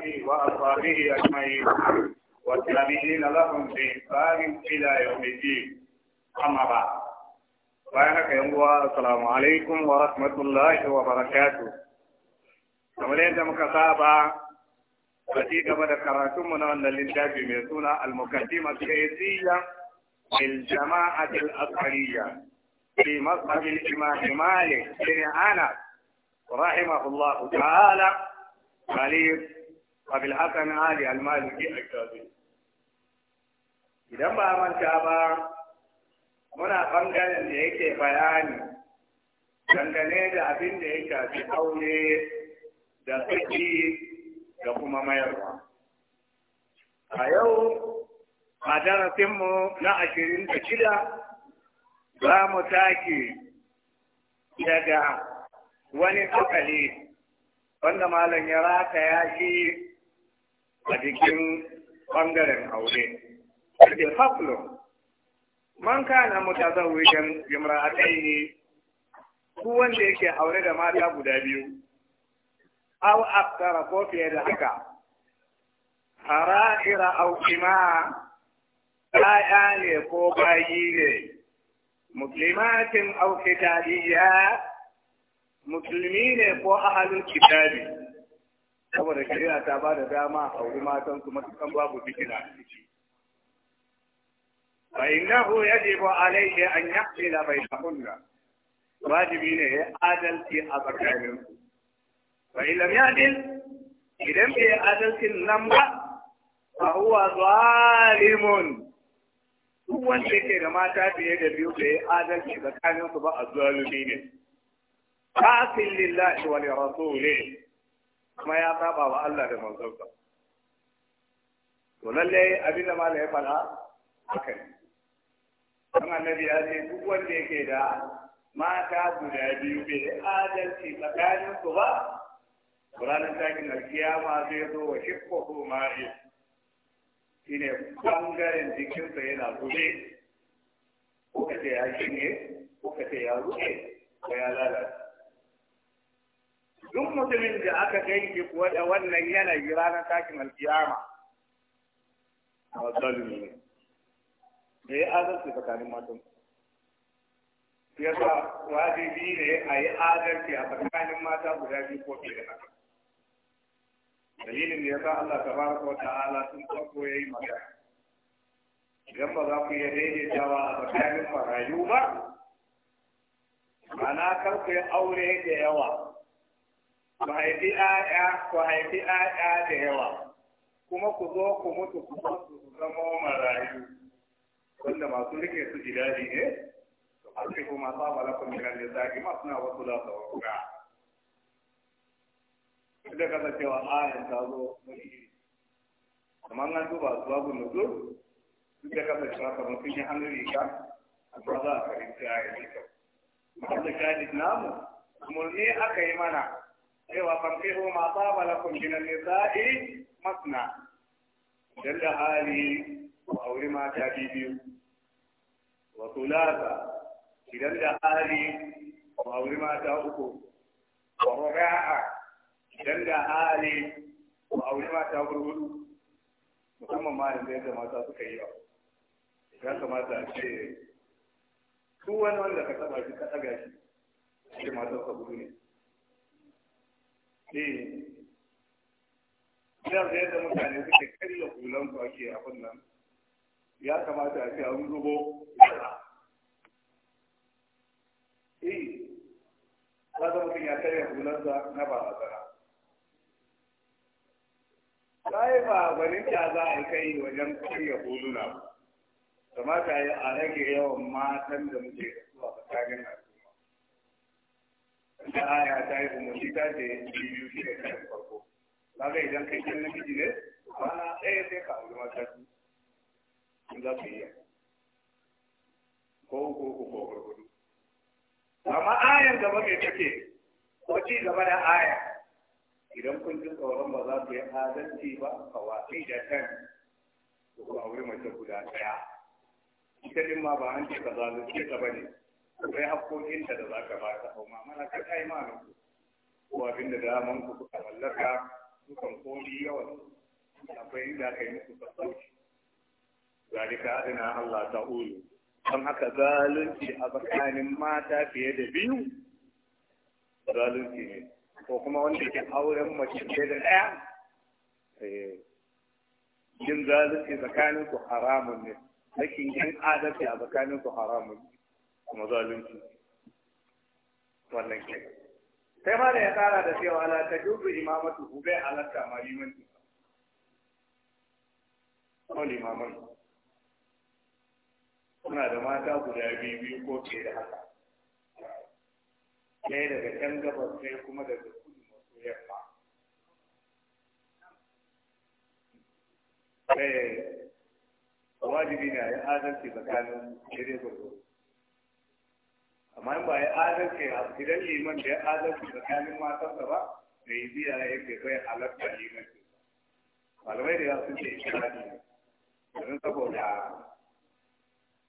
واله وأصحابه أجمعين والتابعين لهم بإحسان إلى يوم الدين أما بعد بارك يا السلام عليكم ورحمة الله وبركاته أولين مكتابه صعبا وتيجا بدا كراتم من أن الإنتاج ميسونا المقدمة الرئيسية للجماعة الأصحرية في مصحف الإمام مالك بن أنس رحمه الله تعالى خليل abil hasan ali al-maliki idan ba manta ba muna bangaren da yake bayani dangane da abin da ya shafi aure da saki da kuma mayarwa a yau a darasinmu na ashirin da shida za mu take daga wani akali wanda malam ya rataya shi a jikin ɓangaren aure. Ƙarfi haflo, man kana ɗaya ne. ku wanda yake aure da mata guda biyu aw aktara ko fiye da haka ira aw ima ɗaya ne ko bayi ne muslimatin musulmi ne ko ahalin kitabi saboda shari'a ta ba da dama a wuri matan su matukan babu fitina a ciki fa innahu yajibu alayhi an yaqila bainahunna wajibi ne ya adalci a tsakanin su fa illam yadil idan bai adalcin nan ba fa huwa zalimun duk wanda yake da mata fiye da biyu bai adalci tsakanin su ba a zalimi ne fasil lillahi wa li rasulih kuma ya saba wa Allah da manzonsa to lalle abin da malai ya fara haka ne kuma annabi ya ce duk wanda yake da mata guda biyu bai adalci tsakanin su ba ranar takin alkiyama zai zo wa shifko ko ma'i shine bangaren jikinsa yana zube kuka ce ya shine kuka ce ya rufe ko ya lalata? duk mutumin da aka ganke kuwa da wannan yanayi ranar takin alkiyama a zalumi ne da ya azarci tsakanin matan ya sa wajibi ne a yi adalci a tsakanin mata guda biyu ko fiye da haka dalilin da ya sa Allah ta tabaraka wa ta'ala sun farko yi magana idan ba za ku iya daidaitawa a tsakanin farayu ba ma'ana kar ku yi aure da yawa mahaifi haifi ‘ya'ya ku haifi ‘ya'ya da yawa kuma ku zo ku mutu ku su zama marayu wanda masu rike su ji daɗi ne su haske kuma saba kuma gani da zaki masu na wasu za su wuka da cewa ayan ta zo mai kamar an duba su babu nutsu duk da cewa kamar sun yi hannun riga amma za a ta ayan da kyau. Masu yi namu, mulmi aka yi mana cewa fankihu ma saba lakum min an-nisa'i masna dan da hali ku aure mata biyu wa thulatha idan da hali ku aure mata uku wa ruba'a idan da hali ku aure mata hudu musamman ma yanzu yadda mata suka yi ya kamata a ce su wani wanda ka taba shi ka tsaga shi shi matarsa gudu ne eh yanzu yadda mutane suke karya hulan su ake abin nan ya kamata a ce an zubo eh za ta mutum ya karya hulansa na barazana sai ba gwanin ta za a kai wajen karya huluna kamata a rage yawan matan da muke zuwa tsakanin nan da aya ta yi umarni ta ce biyu shi da kayan farko kaga idan kai kan namiji ne rana ɗaya sai ka auri mata su in za ku yi ko uku uku ko gurgudu amma ayan gaba mai take ko ci gaba da aya idan kun ji tsoron ba za ku yi adalci ba a watsi da kan ku auri mace guda ɗaya ita ɗin ma ba an ce ka zalunce ta ba ne akwai haƙoƙin da za ka ba ta hau mana ka kai ma na ku ko abin da daman ku kuka mallaka dukan komi yawan akwai inda aka yi muku sassauci zalika adana Allah ta'ulu don haka zalunci a tsakanin mata fiye da biyu zalunci ne ko kuma wanda ke auren mace fiye da ɗaya eh, yin zalunci tsakanin ku haramun ne lakin yin adalci a tsakanin ku haramun ne kuma zalunci wannan ke sai ma da ya tsara da cewa ala ta jubu imamatu hubai bai halatta ma limanci ko limaman suna da mata guda biyu biyu ko ke da haka ɗaya daga can gabas sai kuma daga kudu maso yamma eh, wajibi na yin adalci tsakanin shirye gurgurdu amma ba ya adalci a gidan liman da ya adalci tsakanin matansa ba da yi biya ya ke bai halatta liman malamai da ya sun ce ikirari domin saboda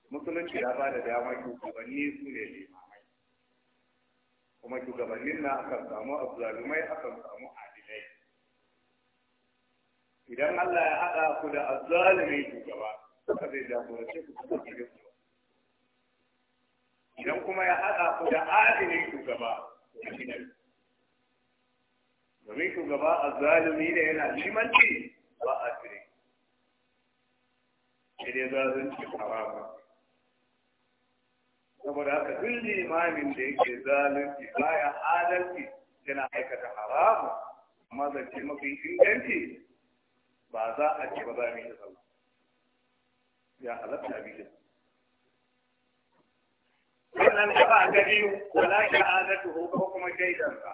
musulunci ya ba da dama shugabanni su ne limamai kuma shugabannin na akan samu azzalumai akan samu adilai idan Allah ya haɗa ku da azzalumin shugaba suka zai jagorance ku kuma gidan idan kuma ya haɗa ku da adalin shugaba da gidan domin shugaba a zalimi da yana limanci ba a tire sai dai zalunci haramu saboda haka duk limamin da yake zalunci ya adalci yana aikata haramu amma zance mafi inganci ba za a ce ba za mu yi sallah ya halatta abin wannan gaba ga biyu wala shahadatuhu ko kuma shaidansa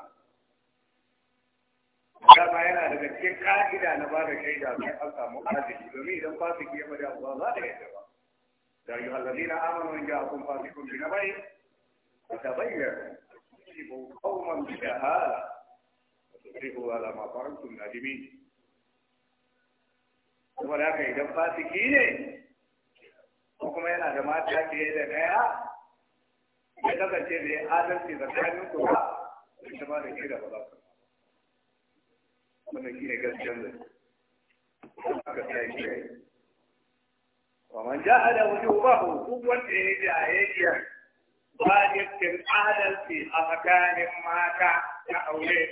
dama yana daga cikin ka'ida na ba da shaida sai an samu adalci domin idan fasiki ya bada ba za ta yadda ba da yi hallazina amanu in ja'akum fasikun bi nabai fatabayyar tusibu qauman bi jahala tusibu ala ma farantum nadimin kuma da haka idan fasiki ne ko kuma yana da mata fiye da daya ya kasance da ya adalci tsakanin ku ba ita ma da kira ba za ku wannan shine gaskiyar da aka sai shi wa man jahada wujubahu duk wanda ya jayayya ba yakin adalci a tsakanin mata na aure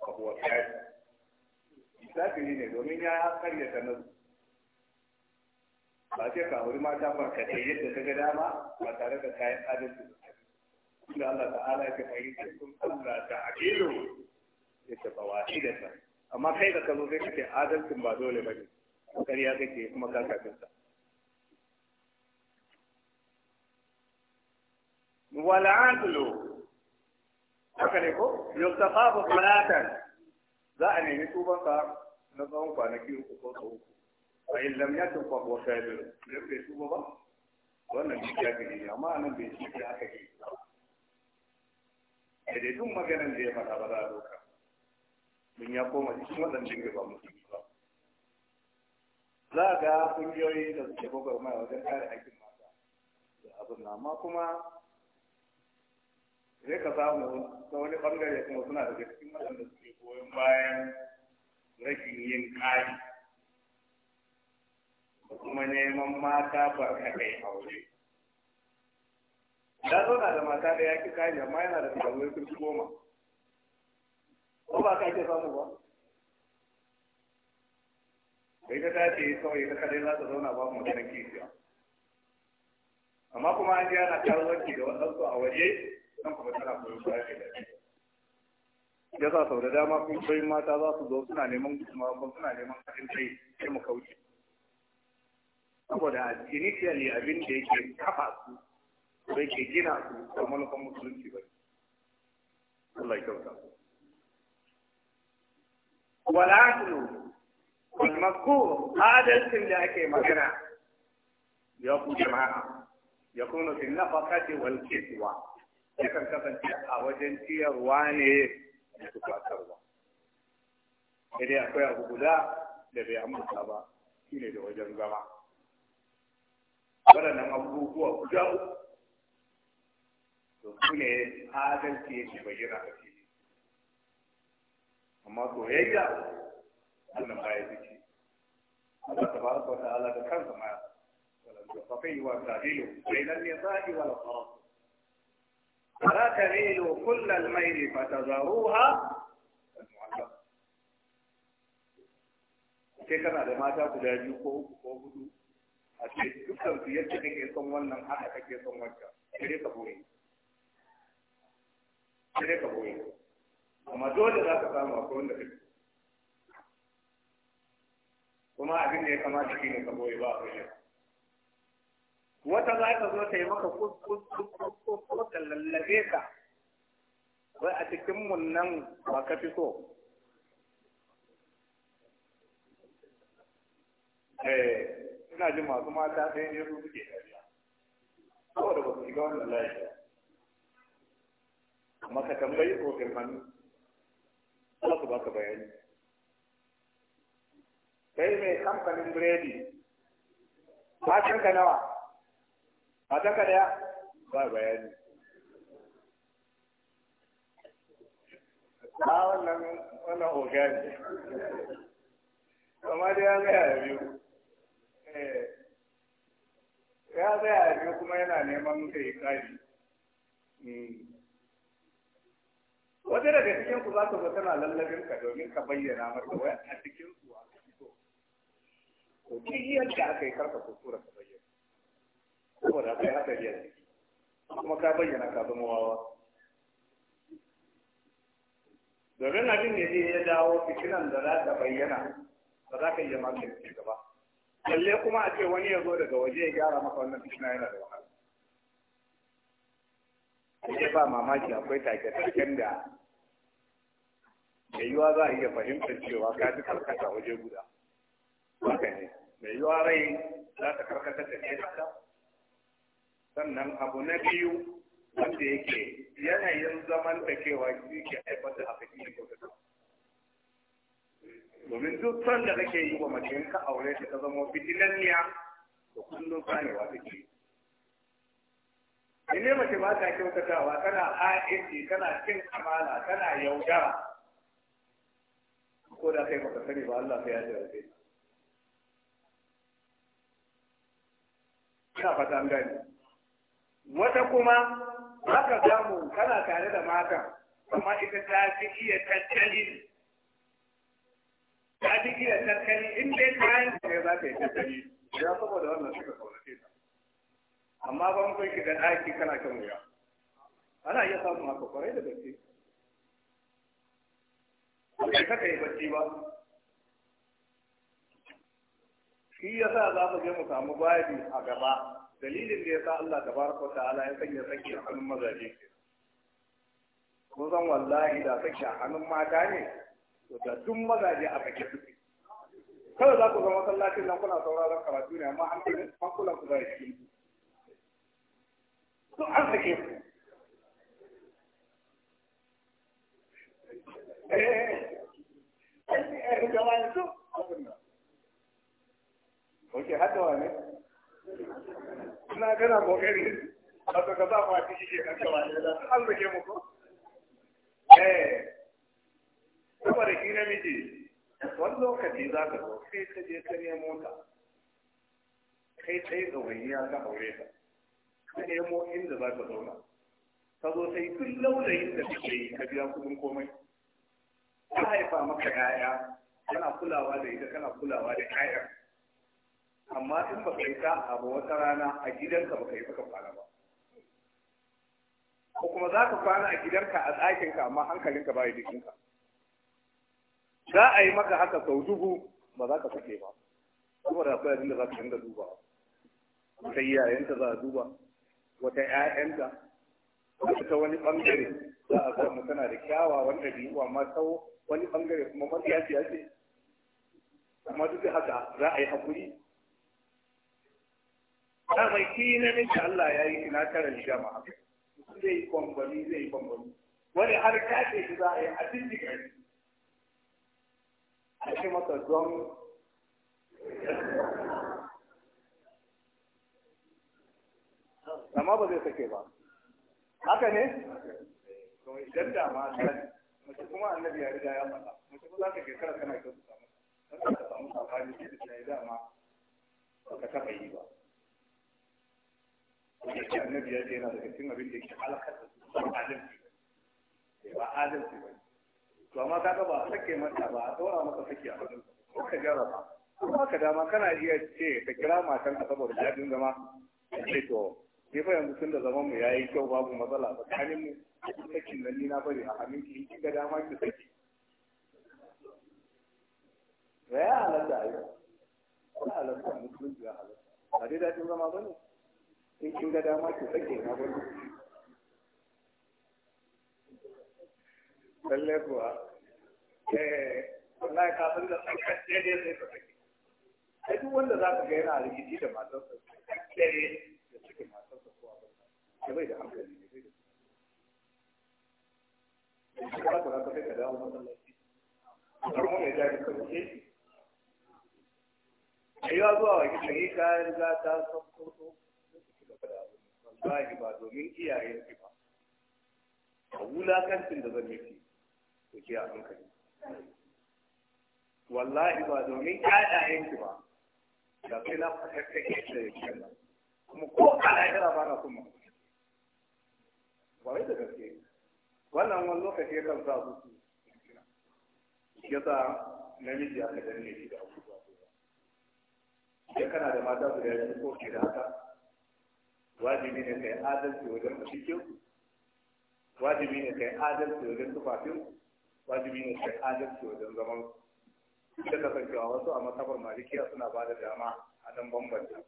ba kuwa kafiri ne domin ya karyata nasu ba sai ka wuri mata barkatai yadda ta ga dama ba tare da kayan adalci da Allah ta'ala ya kai yi sun Allah ta aqilu ya ta bawashi da ta amma kai da kazo sai kake adalcin ba dole ba ne. kariya kake kuma ka kafin sa wal adlu haka ne ko yustafa Fulatan, za a nemi tuban ka na tsawon kwanaki uku ko uku fa in lam yakun fa huwa kafir da bai tuba ba wannan shi kafiri ne amma nan bai shi haka ke da dai duk maganar da ya faɗa ba za a doka mun ya koma cikin zan da ba musulmi ba za a ga ƙungiyoyi da suke gwagwarmaya wajen kare haƙƙin mata da abin na amma kuma sai ka samu ta wani ɓangare kuma suna daga cikin waɗanda suke goyon bayan rashin yin ƙari kuma neman mata kai aure da zauna da mata da ya ki kaji amma yana da tsarwai sun goma ko ba ka ke samu ba bai ta dace kawai ta kadai za ta zauna ba mu ganin kishiya amma kuma an ji ana karuwanci da waɗansu a waje nan kuma tana koyon ba ke da ya sa sau da dama kun mata za su zo suna neman suna neman kaɗin kai sai mu kauce saboda initially abin da yake kafa su ko yake gina su da manufan musulunci ba Allah ya kyauta wal aqlu wal adalcin da ake magana ya ku jama'a ya kuma fi nafaqati wal ya kan kasance a wajen ciyarwa ne da tukatarwa sai akwai abu guda da bai amurka ba shine da wajen zama waɗannan abubuwa guda uku to su ne adalci yake bayyana a fili amma soyayya wannan baya ciki Allah ta tabaraka wa ta'ala da kansa ma wala yusafi wa tahilu bayna an-nisa'i wal farq la tamilu kull al-mayl fatazaruha sai kana da mata guda biyu ko uku ko hudu a ce yadda kake son wannan haka kake son wancan sai ka boye sai ka boye amma dole za ka samu akwai wanda kake kuma abin ya kamata shi ne ka boye ba a wata za ka zo ta yi maka kuskus lallabe ka wai a cikin nan ba ka fi so eh. ina jin masu mata sai ne su suke dariya saboda ba su shiga wannan layi amma ka tambayi ko hannu za su baka bayani kai mai kamfanin biredi ka nawa ka daya ba bayani a wannan wannan ogani amma dai ya gaya da biyu Eh, ya tsaya ne kuma yana neman ka yi kari hmm. wata daga cikin ku za ta zo tana lallabin ka domin ka bayyana marka wai a cikin su a fito to duk yadda aka yi karka kusura ka bayyana da kai haka yi kuma ka bayyana ka zama wawa domin abin da ya dawo fitinan da za ta bayyana ba za ka iya magance gaba balle kuma a ce wani ya zo daga waje ya gyara maka wannan fitina yana da wahala ya ba mamaki akwai take-taken da mai yiwa za a iya fahimtar cewa ka ji karkata waje guda haka ne mai yiwa rai za ta karkata da ne sannan abu na biyu wanda yake yanayin zaman da kewa shi ke haifar da haka ne ko ta domin duk san da kake yi wa mace ka aure ta ta fitinan niya to kullum wata take in ne mace ba ta kyautatawa tana ha'inci tana cin amana tana yaudara ko da kai baka sani ba Allah sai ya jarrabe ina fata an gani wata kuma haka gamu kana tare da matan amma ita ta fi iya tattalin ka ji iya tattali in dai kayan ka za ta yi tattali ya saboda wannan suka kaunace ta amma ban ki shiga ɗaki kana kan wuya ana iya samun haka kwarai da gaske kai kaka yi bacci ba shi ya sa za mu je mu samu babi a gaba dalilin da ya sa Allah tabaraka wa ta'ala ya sanya sake a hannun mazaje kun san wallahi da sake a hannun mata ne to da duk mazaje a kake suke kada za ku zama sallacin nan kuna sauraron karatu ne amma an kuma hankulan ku zai cikin su an sake ku eh, eh jama'a su oke hadawa ne ina gana kokari a tsaka za ku a cikin shekaru da an sake mu eh saboda da shi namiji wani lokaci za ka zo sai ka je ka nemo ta kai tsaye ga wani ya ga aure ta ka nemo inda za ka zauna ka zo sai tun laulayin da suke yi ka biya kudin komai Ka haifa maka 'ya'ya kana kulawa da ita kana kulawa da 'ya'yan amma in baka yi ta abu wata rana a gidanka baka yi baka kwana ba ko kuma za ka kwana a gidanka a tsakinka amma hankalinka ba ya jikinka za a yi maka haka sau dubu ba za ka sake ba saboda akwai abin da za ka dinga duba wata iyayenta za a duba wata ƴaƴanta wata wani ɓangare. za a samu tana da kyawawan ɗabi'u amma ta wani ɓangare kuma matsiyaciya ce amma duk da haka za a yi haƙuri mai kina na ta Allah ya yi ina tara shi jama'a zai yi kwambali zai yi kwambali wani har kace shi za a yi a cikin a ce masa don amma ba zai sake ba haka ne to idan ma ta mace kuma annabi ya riga ya faɗa mace kuma za ka ke kara kana kyautu samu don ka samu safari shi da ya dama ba ka yi ba annabi yana daga cikin abin da yake halakar su ba ba to amma ka ba a sake mata ba a tsora maka saki a hannun ko ka jarraba ko ka dama kana iya ce ka kira matan ka saboda jadin zama ce to ni fa yanzu tun da zaman mu yayi kyau babu matsala tsakanin mu sakin nan ni na bari a aminci ki kin ga dama ki saki ya halatta ai ya da musulunci ya halatta a dai tun zama ba ne in kin ga dama ki sake na bari lalle kuwa eh, wallahi ka san da tsakar sai ka sake ai wanda za ka ga yana da matarsa matarsa bai da hankali ne bai da da dawo zuwa riga ta ba domin iyayen ki ba da zan yi ku ji a hankali wallahi ba domin ƴaƴayen ki ba da sai na fatattake da yake nan kuma ko a lahira ba na kuma ba wai da gaske wannan wani lokaci ya kan sa su ya sa namiji aka danne shi da abubuwa idan kana da mata da biyu ko ke da haka wajibi ne kai adalci wajen cikin wajibi ne kai adalci wajen tufafin wajibi ne kai adalci wajen zaman su. da kasancewa wasu a masabar malikiya suna ba da dama a dan bambanta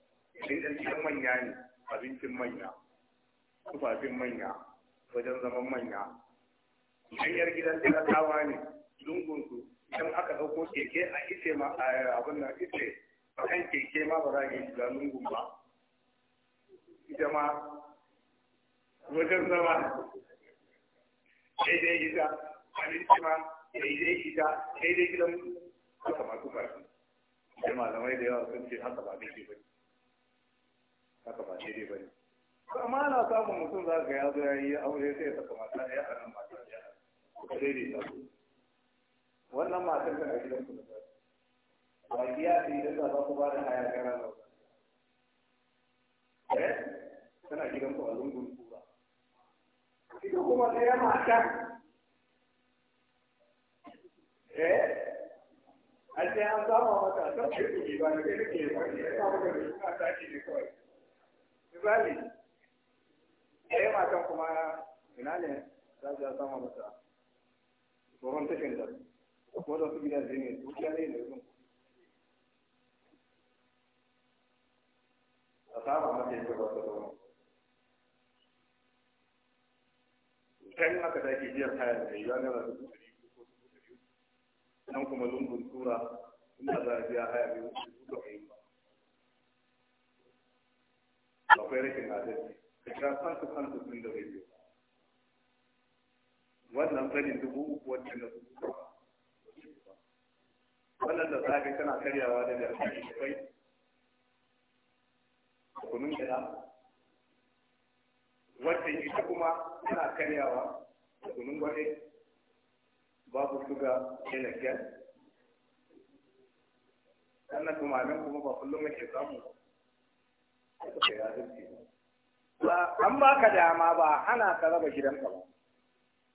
idan ɗan cikin manya ne abincin manya tufafin manya wajen zaman manya idan yar gidan talakawa ne su idan aka ɗauko keke a ice ma a abin na ice a kan keke ma ba za a yi shiga lungun ba ita ma wajen zama daidai ita halin cima daidai ita dai gidan haka ma kuka shi da malamai da yawa sun ce haka ba daidai ba haka ba daidai ba ne amma ana samun mutum za ga ya zo ya yi aure sai ya saka mata ɗaya a nan mata ɗaya kuka daidai ta su wannan matan tana gidan ku da ba ba kiya ce idan za ku ba da haya gara na eh tana gidan ku a lungun kura ita kuma ɗaya mata eh a ce an samu mata san ke kuɗi ba da kai kake wani ya samu da su a tashi ne kawai misali ɗaya matan kuma ina ne za su samu mata tsoron tashin da ko da su gidaje ne dukiya ne da yanzu a samu mata yake ba su zama kan aka dake biyar kayan da yiwuwa na rasu nan kuma lungun tura ina za a biya haya biyu su su kai ba akwai rashin adalci ka sha kansu kansu sun da bai biyu wannan sani dubu uku wacce na su wannan da za tana karyawa da da kai kunun gida wacce ita kuma tana karyawa da kunun gwaje babu suga yana gyan sannan tumanin kuma ba kullum yake samu ba ba an ba ka dama ba ana ka raba ka ba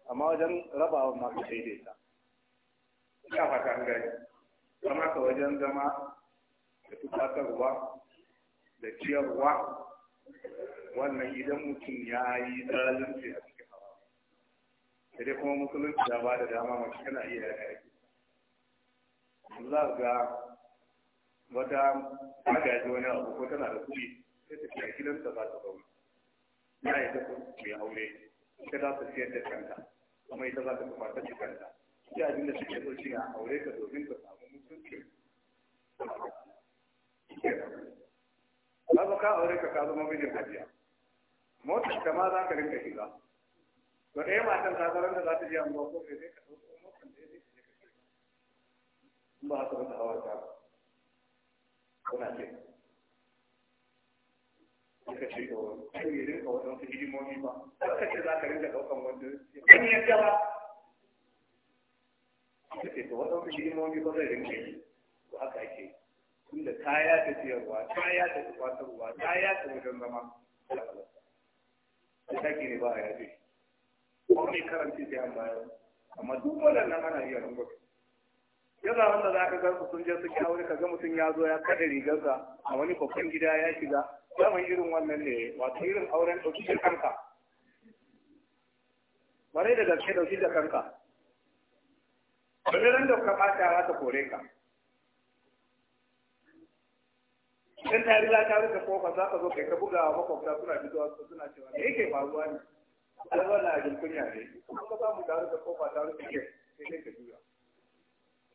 amma wajen rabawa ma ka ta ina fata an gani zama ka wajen zama da tufatarwa da ciyarwa wannan idan mutum ya yi zalunci a sai dai kuma musulunci ya ba da dama masu tana iya yaga yake za ga wata magaji wani abu ko tana da kuɗi sai ta fiye ta za ta zauna ya yi ta mai aure ita za ta siyar da kanta kuma ita za ta kufatar da kanta ya abin da suke so shi a aure ka domin ka samu mutunci ba ka aure ka ka zama mijin hajiya motar ta ma za ka rinka shiga to ɗaya eh, matan ka zaran da za ta ko sai ka ɗauko da ya zai kai in ba ta kuna ce ka ce kai ne rinka hidimomi ba ka ce ka rinka ɗaukan wanda yadda ba ka ce hidimomi ba zai rinka yi to haka ake tunda kaya ta siyarwa kaya ta kwatarwa ta wajen zama ne ba a yaje ko mai karanci sai an bayan, amma duk waɗannan ana iya rubuta yana wanda za ka zarfi sun je suke aure ka ga mutum ya zo ya kada rigarsa a wani babban gida ya shiga zaman irin wannan ne wato irin auren ɗauki da kanka bare da gaske ɗauki da kanka bare ran da ka ɓata za ta kore ka idan ta yi riga ta rufe kofa za ka zo kai ka buga wa makwabta suna fitowa suna cewa me yake faruwa ne dan wannan abin kunya ne kuma ka samu tare da kofa tare da ke sai dai ka juya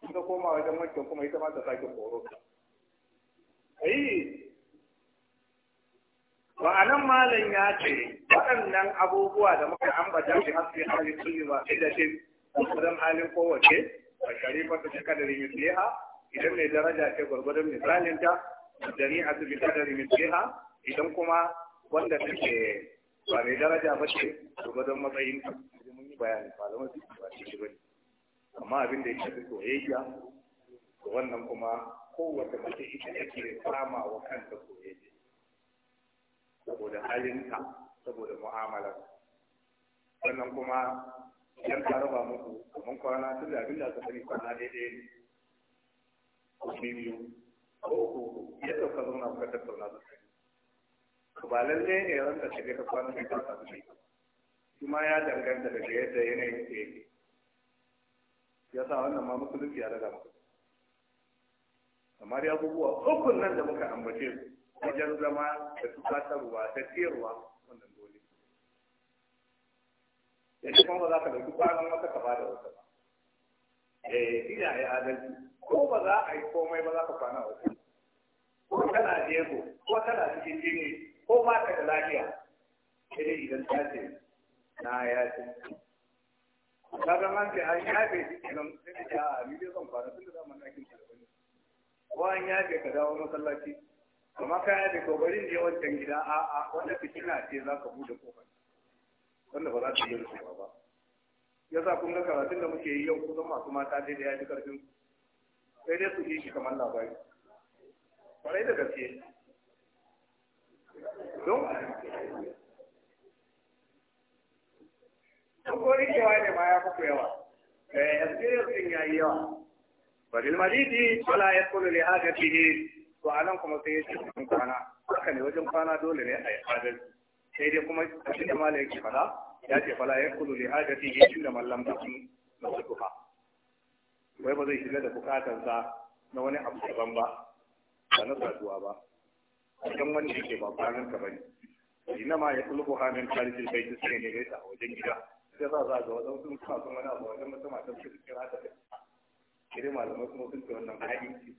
in ka koma wajen wancan kuma ita ma ta sake koro ai ma'anan malam ya ce waɗannan abubuwa da muka ambata shi haske hali kulli ba sai da shi kusurin halin kowace a sharifa ta shi kadarin yusliha idan mai daraja ce gwargwadon misalinta da ni a su bi kadarin yusliha idan kuma wanda take ba mai daraja ba ce gurgurdan matsayin ka mun yi bayani malaman su ba shi ba ne amma abin da ya shafi soyayya wannan kuma kowace mace ita take kama wa kanta soyayya saboda halinta saboda mu'amalar Wannan kuma yan ta raba muku kamar kwana tun da abin da aka sani kwana daidai ne ko biyu ko uku yadda ka zauna kuka tattauna da kai ba lalle ne ran da shiga ka kwana da kan sabu kuma ya danganta daga yadda yanayin da ya sa wannan ma musulunci ya daga mu kamar abubuwa ukun nan da muka ambace su wajen zama da tufatarwa da ciyarwa wannan dole yanzu kuma ba za ka dauki kwanan wata ka ba da wata ba eh ina yi adalci ko ba za a yi komai ba za ka kwana wata ko kana jego ko kana cikin jini ko ba ka da lafiya sai dai idan ta ce na ya ce ka ga man ce ya yafe shi kenan sai da ya a ni zan fara tun da zaman aikin da ko an ce ka dawo masallaci amma ka ya ce bari ne wancan gida a a wanda fitina ce za ka bude kofar wanda ba za ka yi rufewa ba yasa kun ga karatun da muke yi yau kusan masu mata dai da ya ji karfin sai dai su yi shi kamar labari kwarai da gaske don ko cewa ne ma ya kuku yawa eh experience din yayi yawa bari malidi wala yakulu li hajatihi to nan kuma sai ya ce cikin kwana haka ne wajen kwana dole ne a yi fadar. sai dai kuma cikin da malai ke fada ya ce fala ya kudu li hajati ya cikin da mallam da kun masu duka wai ba zai shiga da bukatansa na wani abu daban ba ba na saduwa ba idan wanda yake ba kwanan ka bane ina ma ya tsulhu hamin tarihi bai ta sai ne gaita a wajen gida sai za za ga wadansu sun kuma sun wani abu wajen mutum a tafi cikin haka da kiri malamai kuma sun ce wannan haɗin ce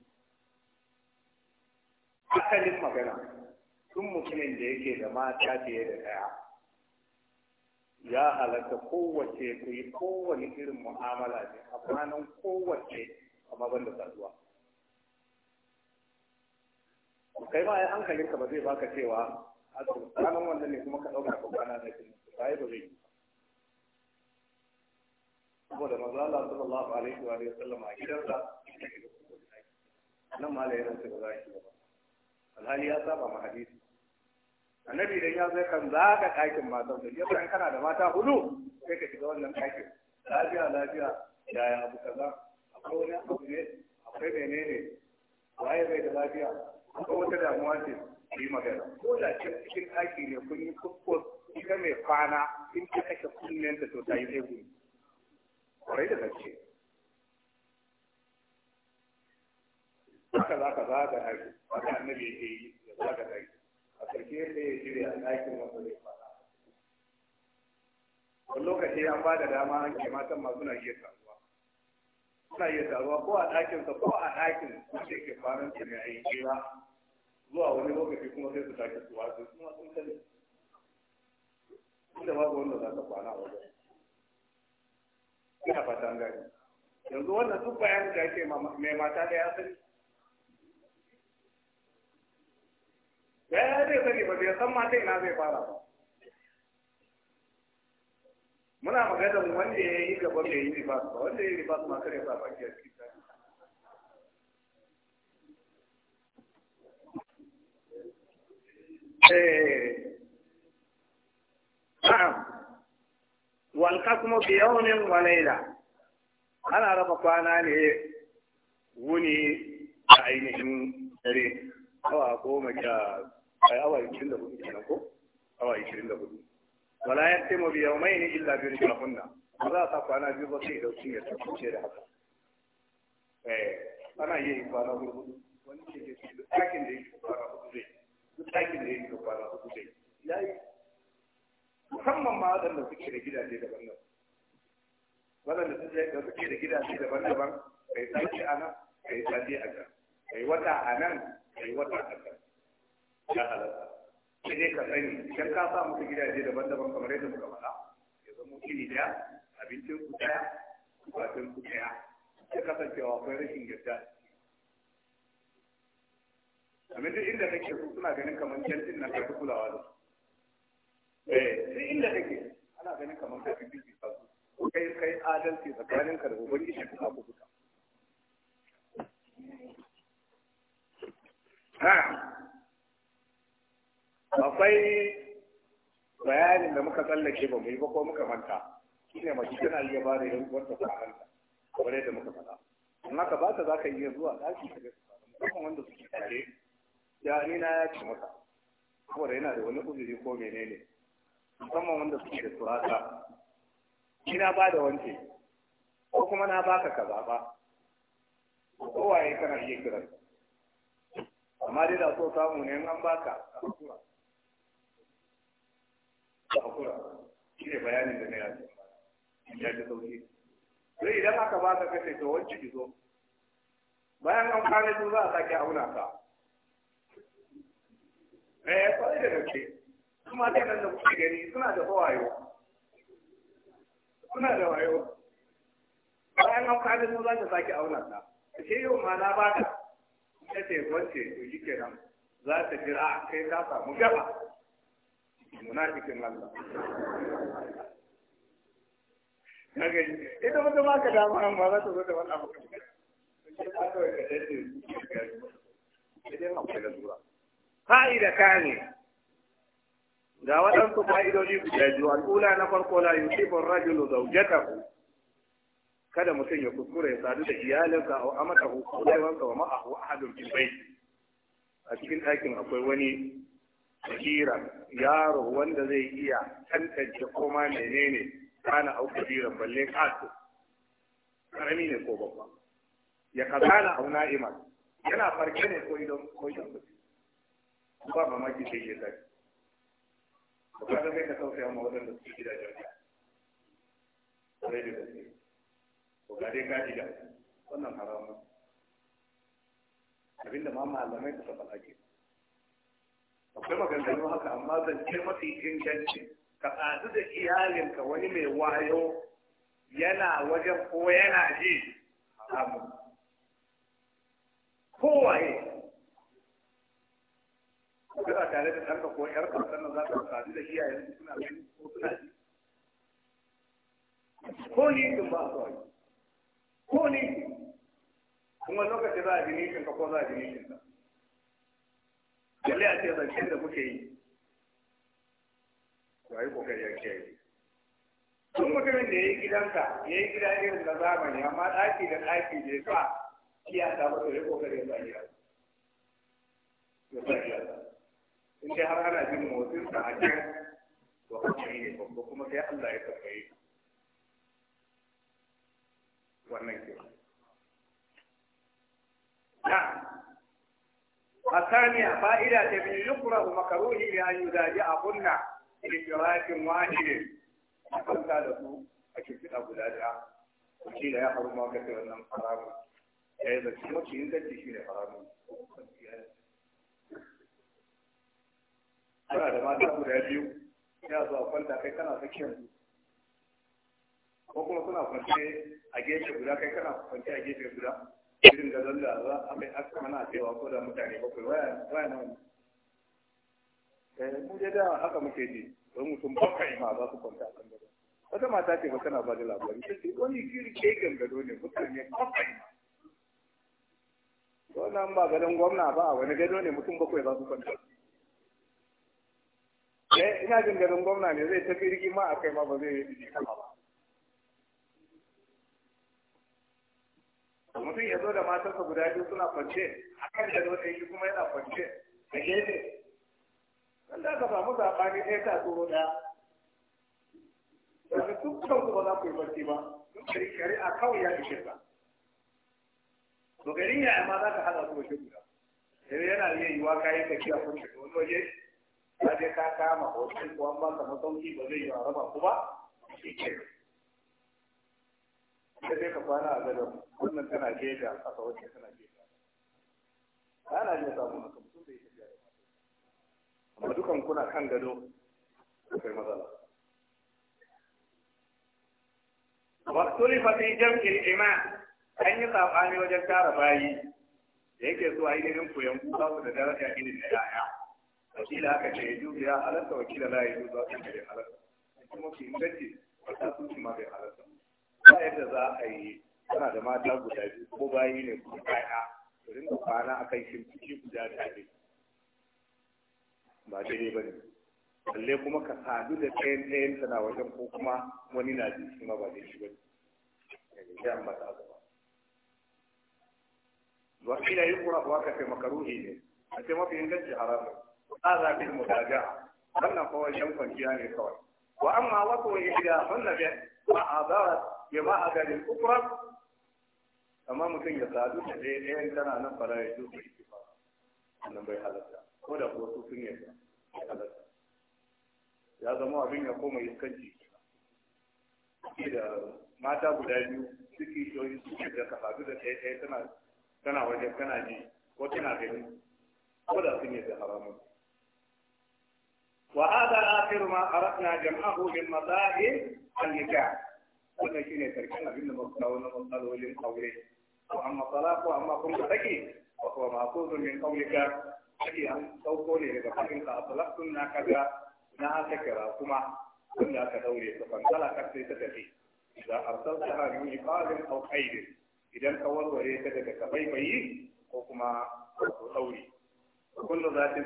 asalin magana sun mutumin da yake da mata fiye da ɗaya ya halatta kowace ku yi kowane irin mu'amala ne a kwanan kowace a ban da saduwa kai ma hankalin ka ba zai baka cewa a ah, tsakanin wannan ne kuma ka ɗauka ko kana da shi sai yi ba zai yi saboda manzo Allah sallallahu alaihi wa sallam a gidansa nan ma da su ba za ki ba alhali ya saba ma hadisi annabi idan ya zai kan zaka ɗakin matan da yau in kana da mata hudu sai ka shiga wannan ɗakin lafiya lafiya yaya abu kaza akwai wani abu ne akwai menene waye bai da lafiya kuma wata damuwa ce yi magana ko da ce cikin aiki ne kun yi kuskus ita mai kwana in ta kashe kunnen ta to ta yi tsaye kwarai da gaske haka za ka zaga ɗaki haka annabi yake yi ya ka ɗaki a ƙarshe sai ya shirya ɗakin wasu zai kwana wani lokaci an ba da dama an ke matan ma suna iya taruwa suna iya taruwa ko a ɗakinsa ko a ɗakin wanda ke kwanan ta mai aiki ba zuwa wani lokaci kuma sai su sake su wasu kuma sun sani inda babu wanda za ka kwana a wajen ina fatan gani yanzu wannan duk bayan da ake mai mata da ya sani ya zai sani ba zai san mata ina zai fara ba muna magana wanda ya yi gaban da ya yi rifas ba wanda ya yi rifas ma kare sa bakiyar a cikin Eh, na'am kuma qasmu bi yawmin wa layla ana kwana ne wuni da ainihin dare awa goma sha ai awa 24 kenan ko awa 24 wala yatimu bi yawmayn illa bi rijlahunna ba za ta kwana biyu ba sai dauki ya tafi da haka eh ana yin kwana hudu wani ke da ɗakin da yake kwana hudu zai ɗakin da ya yi da su uku ya yi musamman ma waɗanda suke da gidaje daban-daban waɗanda suke da gidaje daban-daban kai sati a nan kai sati a can kai wata a nan kai wata a can ya halatta sai dai ka sani idan ka sa musu gidaje daban-daban kamar yadda muka faɗa ya zama iri ɗaya abincin ku ɗaya kubatun ku ɗaya ya kasancewa akwai rashin gaskiya domin duk inda kake su suna ganin kamar jantin nan ka kulawa da su eh duk inda kake ana ganin kamar ka fi bibita su kai kai adalci tsakanin ka da ubangiji ka ku buka akwai bayanin da muka tsallake ba mu yi ba ko muka manta shine mace tana iya ba da yan uwarta ta hanta kamar yadda muka faɗa in ka ba ta za ka iya zuwa ɗaki ka ga musamman wanda suke tare ya ni na ya ce masa saboda yana da wani uzuri ko menene musamman wanda suke da surata ni na ba da wance ko kuma na baka ka zaɓa kowaye kana iya kiran amma dai da so samu ne an baka a hakura a hakura shi ne bayanin da na yaji ya ji sauki sai idan aka baka kace to wancan ki zo bayan an kwana su sake auna ka eh kwarai da gaske su matan nan da kuke gani suna da wayo suna da wayo bayan an kwanin mu za ta sake auna ta ke ma na ba ka ta ce wacce to za ta jira a kai ta samu gaba munafikin Allah kaga ita ma ka dama ba za ta zo da wani abu kawai ka dace da tura fa'ida ne. ga waɗansu fa'idodi guda biyu al'ula na farko la yusifu ar-rajulu zawjatahu kada mutum ya kuskure ya sadu da iyalinsa a amatahu hukumar daiwansa wa ma'ahu ahadun fil bayt a cikin ɗakin akwai wani kira yaro wanda zai iya tantance koma menene kana au kabira balle kasu karami ne ko babba ya kazana au iman. yana farke ne ko idan ko idan ba mamaki sai ya zai to ka sai ka tausaya ma waɗanda suke da ka sai da gaske ko ga dai da wannan haramun abinda ma malamai suka faɗa ke akwai maganganu haka amma zan ce mafi inganci ka tsadu da iyalinka wani mai wayo yana wajen ko yana ji haramun kowaye kana tare da ɗanka ko ƴarka sannan za ta sadu da iyayen suna gani ko suna ji ko ni din ba su ko ni kuma lokaci za a ji nishin ka ko za a ji nishin ka lalle a ce zancen da muke yi to yi kokari a kiyaye tun mutumin da ya yi gidanka ya yi gida irin na zamani amma ɗaki da ɗaki bai sa kiyata ba to ya kokari ya sa ya sa iyaka sai har ana jin motsin sa a kan to hanyoyi ne ko kuma sai Allah ya yi wannan ke na asaniya fa'ida ta bi yukra wa makruhi ya yi da ji a kunna ila firatin wahidin kanta da su a cikin da guda da shi da ya haru ma kace wannan faramu ya yi da shi mutum yin da shi ne faramu kana da mata guda biyu ya zo a kwanta kai kana tsakiyar su ko kuma suna kwanta a gefe guda kai kana kwanta a gefe guda irin da zan da za a mai aka mana cewa ko da mutane bakwai waya waya nan eh mu je da haka muke ji don mutum bakwai ma za su kwanta a kan gado wata mata ce ba tana ba da labari ta ce wani kiri ke gangado ne mutane bakwai ma wannan ba gadon gwamna ba wani eh ina jin ganin gwamna ne zai ta firgi ma a kai ma ba zai yi kama ba mutum ya zo da matarsa guda biyu suna kwance a kan da zo shi kuma yana kwance a gefe wanda aka samu zaɓani ɗaya ta tsoro ɗaya yanzu duk ku ba za ku yi barci ba duk da a kawai ya ishe ka to garin yaya ma za ka hada su wajen guda yau eh, yana iya yiwa kayan tafiya kun shiga wani waje ka je ka kama hotel ko an baka masauki ba zai yi a raba ku ba shi ke sai dai ka kwana a gadon wannan tana gefe a kasa wacce tana gefe ana iya samun haka mutum zai tafiya da mata amma dukan kuna kan gado akwai matsala واختلف في جمع Iman, an yi tsafani wajen tara bayi da yake so ainihin koyon kusa da daraja irin da ya'ya wakila aka ce ya juzu ya halatta wakila la ya yi juzu haka bai halatta kuma su inganci wata sun ma bai halatta ba yadda za a yi suna da mata guda biyu ko bayi ne ko kaya su rinka kwana a kan shimfiɗi guda tare ba daidai ba ne balle kuma ka sadu da tsayin tsayin tana wajen ko kuma wani na ji shi ma ba daidai ba ne ya ba ta ba wakila yi kura ba ka ce makaruhi ne a ce mafi inganci haramun هذا في المراجعة wannan هو wajen kwanciya ne kawai وقوة amma wato ihda hunna bi ma'adarat bi ma'adar al-ukra amma mutum ya sadu da ɗaya ɗayan tana nan duka bai ko da kuwa su sun yi ya ya zama abin ya koma iskanci da mata guda biyu suke shoyi suke da ka da ɗaya tana waje kana ji ko tana gani ko da sun haramun وهذا آخر ما أردنا جمعه من مظاهر النكاح wannan shine karshen abin da muka kawo na matsalolin aure to amma talaku amma kun da take wa kuma ma'khudun min qawlika take an sauko ne daga fadin ka talakun na kaza na aka kira kuma wanda aka daure ta fantala ka sai ta tafi idan idan ka warware ta daga kabaibayi ko kuma ko dauri kullu zati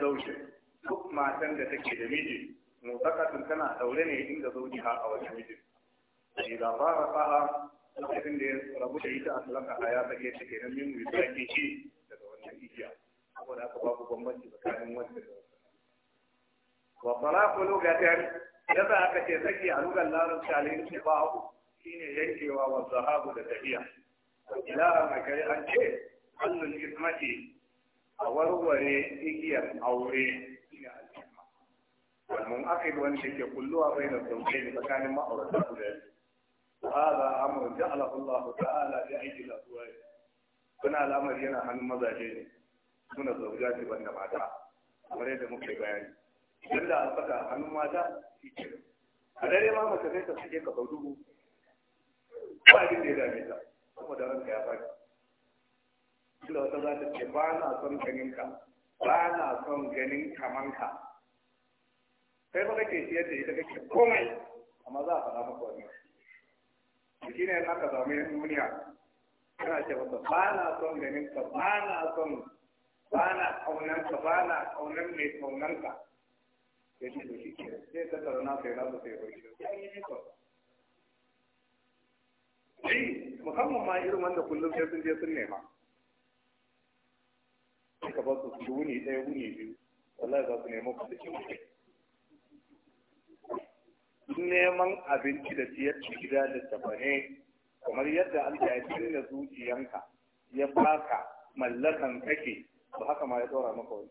duk matan da take da miji mutakatun tana daure ne inda ha a wajen miji da fara faha lokacin da ya rabu da ita a talaka ya sake ta kenan min mu ke shi daga wannan igiya saboda haka babu bambanci tsakanin wanda da wa talaqu lugatan yasa aka ce saki a lugar larabci ku? Shi shine yankewa wa zahabu da tafiya ila ma kai an ce allul ismati a warware igiyar aure mun akai wanda yake kulluwa bai a sauke ne tsakanin ma'aurata guda biyu hada amrun ja'alahu Allah ta'ala bi aiki al kuna al'amari yana hannun mazaje ne suna zauja ce banda mata kamar yadda muka yi bayani idan da an saka hannun mata shi ke a dare ma mace sai ta suke ka sau dubu ba abin da ya dame ta saboda ranka ya faɗi inda wata za ta ce ba na son ganin ka ba na son ganin kamanka kai ba kake shi yadda ita kake komai amma za a faɗa maka wani shi ne aka samu yan duniya kana ce masa ba na son ganin ka ba na son ba na kaunan ka ba na kaunan mai kaunan ka ya ce shi ke sai ka na sai na su sai bai ya yi ne shi musamman ma irin wanda kullum sai sun je sun nema sai ka ba su wuni ɗaya wuni biyu wallahi za su nemo kuɗi neman abinci da siyar da gida da tabane kamar yadda Allah ya cinna zuciyanka ya baka mallakan kake ba haka ma ya tsora maka wani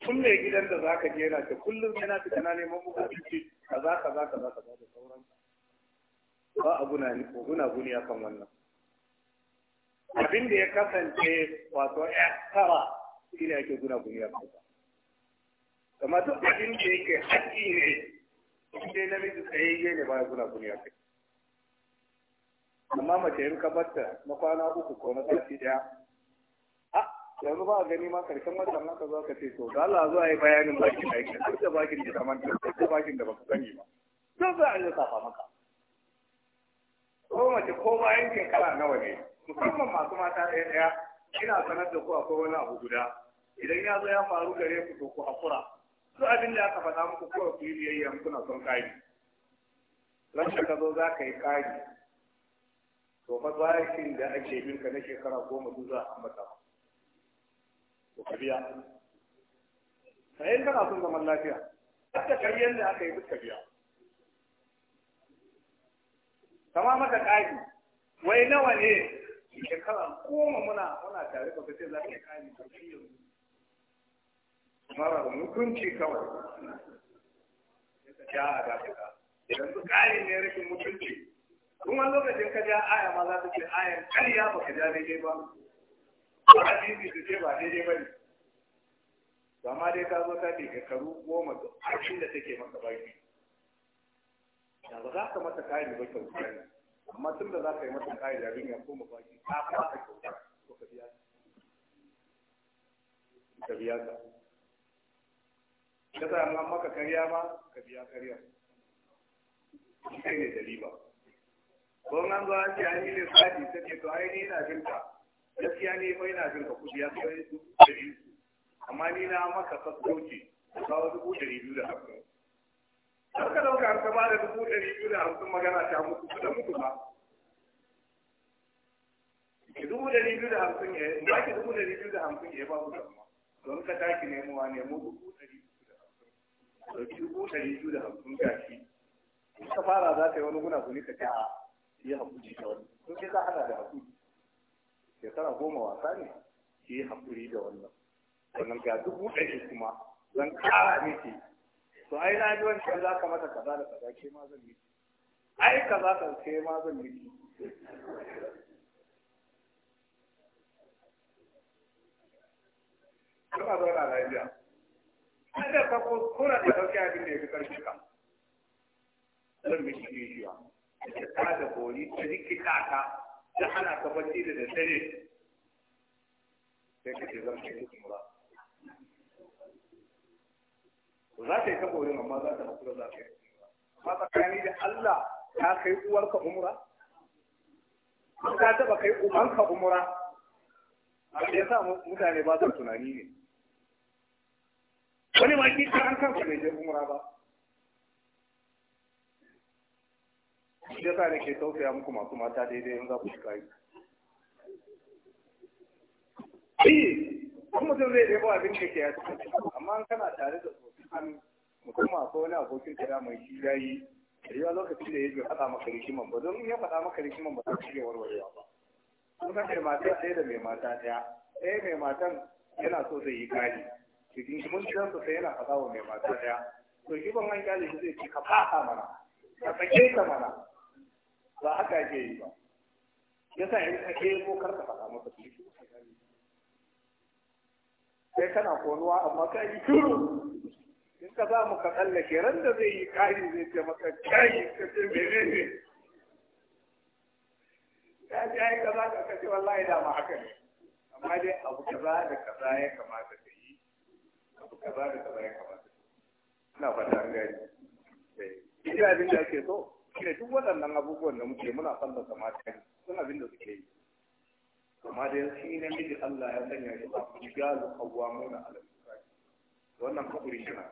tun mai gidan da za je yana ce kullum yana fita na neman muku abinci ka za ka za da sauran ba a guna guni kan wannan abin da ya kasance wato ya tara shine ake guna guni akan sa kamar duk abin da yake haƙƙi ne na miji tsaye tsayayye ne bayan suna guni kai amma mace yin ka na kwana uku ko na sati daya a yanzu ba a gani ma karshen wata na ka zo ka ce to da Allah zo a yi bayanin bakin da yake duk da bakin da kamar duk da bakin da baka sani ba duk za a yi safa maka ko mace ko bayan yankin kala nawa ne musamman masu mata ɗaya ɗaya ina sanar da ku akwai wani abu guda idan ya zo ya faru gare ku to ku hakura su abin da aka faɗa muku kawai ku yi biyayya kuna son kari ran ka zo za ka yi kari to fa bashin da ake bin ka na shekara goma su za a ambata to ka biya sai kana son zaman lafiya da kariyar da aka yi duk ka biya kama maka kari wai nawa ne shekara goma muna muna tare da ka ce za ka yi kari to yanzu mara mutunci kawai ja a gafika idan su kare ne rashin mutunci kuma lokacin ka ja aya ma za ta ce ayan karya ba ka ja daidai ba Ba a hadisi su ce ba daidai ba ne ba ma dai ta zo ta ce shekaru goma da ashirin da take maka baki da ba za ka mata kari ba kyauta ne amma tun da za ka yi mata kari abin ya koma baki ta fara kyauta ko ka biya ka biya ka ya sa an maka karya ma ka biya karya sai ne da riba ko an zo an ce an yi lissafi ta ce to ai ni ina jin ka gaskiya ne ko ina jin ka kudi ya sai su amma ni na maka sassauci ka kawo dubu dari biyu da hamsin har ka ɗauka an ba da dubu dari biyu da hamsin magana ta mutu da mutu ba dubu ɗari biyu da hamsin ya ba ki dubu dari biyu da hamsin ya ba ku da kuma don ka taki nemowa nemo dubu ɗari ɗauki dubu ɗari biyu ka fara yi wani guna goma wasa ne ki yi da wannan sannan ga dubu ɗari kuma zan ƙara miki to ai na wancan za ka mata kaza da kaza ke zan miki ai ka ke ma zan miki kada ka kuskura da dauki abin da ya fi karfi ka zan bi shi jiwa da ta da ta rikita ka ta hana ka bacci da daddare sai ka ce zan kai kuma za ta yi ta bori amma za ta kuskura za ta yi amma tsakani da Allah ta kai uwarka umra ta taba kai ubanka umra abin da ya sa mutane ba su tunani ne wani ma kika an kansa bai je umra ba shi ke nake ya muku masu mata daidai in za ku shiga yi kuma mutum zai ɗebo abin da ke yasa amma an kana tare da an mutum masu wani abokin kira mai shi yi, da lokacin da ya ji faɗa maka rikiman ba don ya faɗa maka rikiman ba za su iya warwarewa ba kuma san mai mata ɗaya da mai mata ɗaya ɗaya mai matan yana so zai yi gadi shi mun rigingimin gidansu sai yana faɗa wa mai mata ɗaya to shi ban man kyale shi zai ce ka fasa mana ka sake ka mana ba haka ke yi ba yasa in ka ke ko kar ka faɗa masa shi sai kana konuwa amma ka yi shiru in ka za mu ka tsallake ran da zai yi kari zai ce maka kari ka ce mene ne ya ce ai kaza ka kace wallahi ma haka ne amma dai abu kaza da kaza ya kamata Ka kaza da kaza ya kamata ina fata an gani eh, shi abin da ake so shine duk waɗannan abubuwan da muke muna sallata yi. sun abin da suke yi amma dai shi ne miji Allah ya sanya shi ba su ga su kawwamuna ala wannan kaburi shi na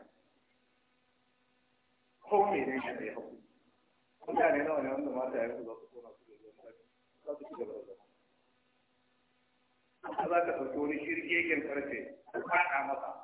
ko me ne shi ne hakuri mutane nawa ne wanda mata ya zo su kona su da za su ci gaba da zama za ka ɗauki wani shirgegen karfe ka faɗa masa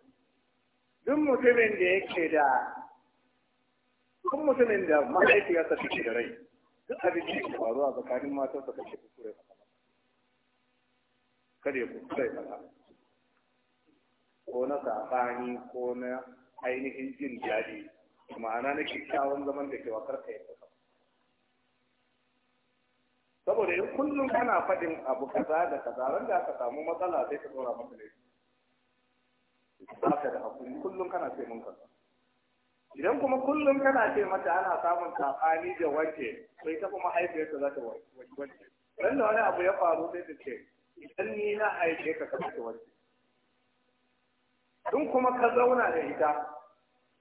duk mutumin da yake da duk mutumin da mahaifiyarsa take da rai duk abin da yake faruwa tsakanin matarsa kashe kuskure kada ya kuskure fada ko na saɓani ko na ainihin jin daɗi ma'ana na kyakkyawan zaman da ke wakar ka yadda saboda in kullum kana faɗin abu kaza da kaza ran da aka samu matsala sai ka tsora masa laifi ba ka da kullum kana ce mun kasa idan kuma kullum kana ce mata ana samun sabani da wace sai ta kuma za ta wace dan da wani abu ya faru sai ta ce idan ni na haife ka ka ta wace Dun kuma ka zauna da ita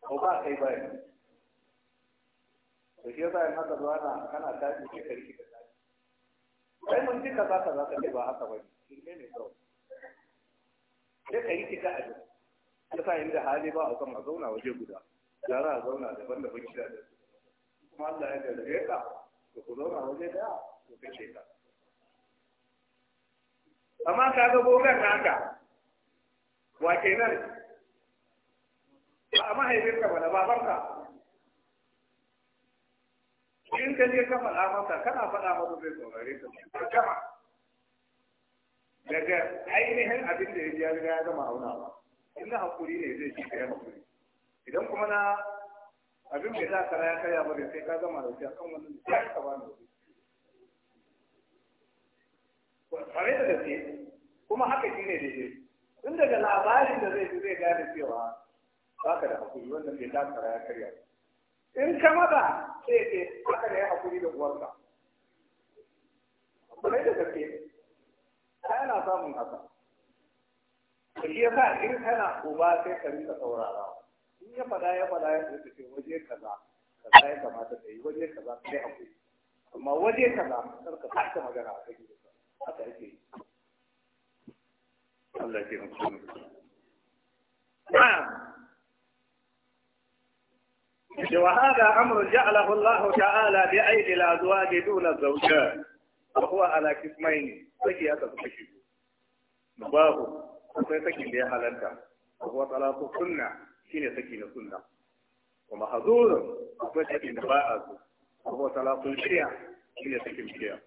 ko ba kai ba ne to shi yasa in haka zuwa na kana tashi ki karki da tashi sai mun ji kaza kaza ka ba haka ba ne ne kawai sai ka yi kika a jiki ya sa inda hali ba a son a zauna waje guda gara a zauna daban-daban gida da kuma Allah ya gargaɗe ka to ku zauna waje daya ku kace ka amma ka ga gogon naka wa kenan ba a mahaifinka ba da babanka in ka je ka faɗa masa kana faɗa masa zai saurare ka gama daga ainihin abin da ya ji ya gama aunawa in na hakuri ne zai ci kai hakuri idan kuma na abin da za ka raya karya ba da sai ka zama da wuce akan wannan da ya ka ba ni kare da gaske kuma haka shi ne daidai tun daga labarin da zai ji zai gane cewa ba ka da hakuri wannan bai za ka raya karya in ka maza sai ce haka da ya hakuri da uwarka tare da gaske ana samun haka to shi yasa in kana uba sai ka rika saurara in ya fada ya fada ya rika ce waje kaza kaza ya kamata ka yi waje kaza kai akwai amma waje kaza kar ka sake magana a kai haka yake yi Allah ke mutum وهذا أمر جعله الله تعالى بأيدي الأزواج دون الزوجات وهو على قسمين akwai sakin da ya halarta akwai ko sunna shine saki na sunna kuma hazuru akwai sakin da ba a so akwai ko shiya shine sakin shiya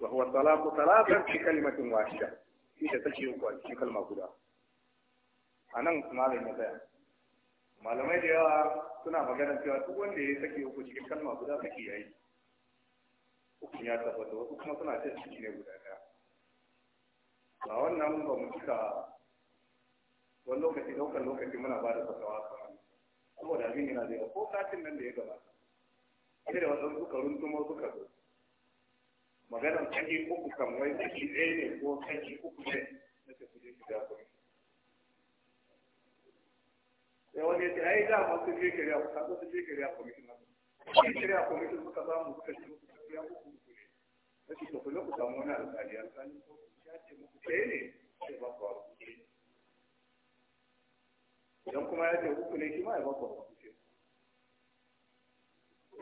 wa huwa talaku talakan fi kalimatin wahida ne saki uku a cikin kalma guda a nan malam ya tsaya malamai da yawa suna magana cewa duk wanda ya saki uku cikin kalma guda saki yayi hukun ya tabbata wasu kuma suna ce shi ne guda ɗaya ba wannan ba mu cika wani lokaci daukan lokaci muna ba da fatawa kamar saboda abin yana da yawa ko katin nan da ya gaba sai da wasu suka runtumo suka zo maganar kaji uku kan wai kaji ɗaya ne ko kaji uku ne na tafi da shiga kuma sai wani ya ce ai da ma sun je kariya ka su sun je kariya kwamishin nan sun je kariya kwamishin suka samu suka shigo suka kariya uku ta ce ku ku ya muku ce uku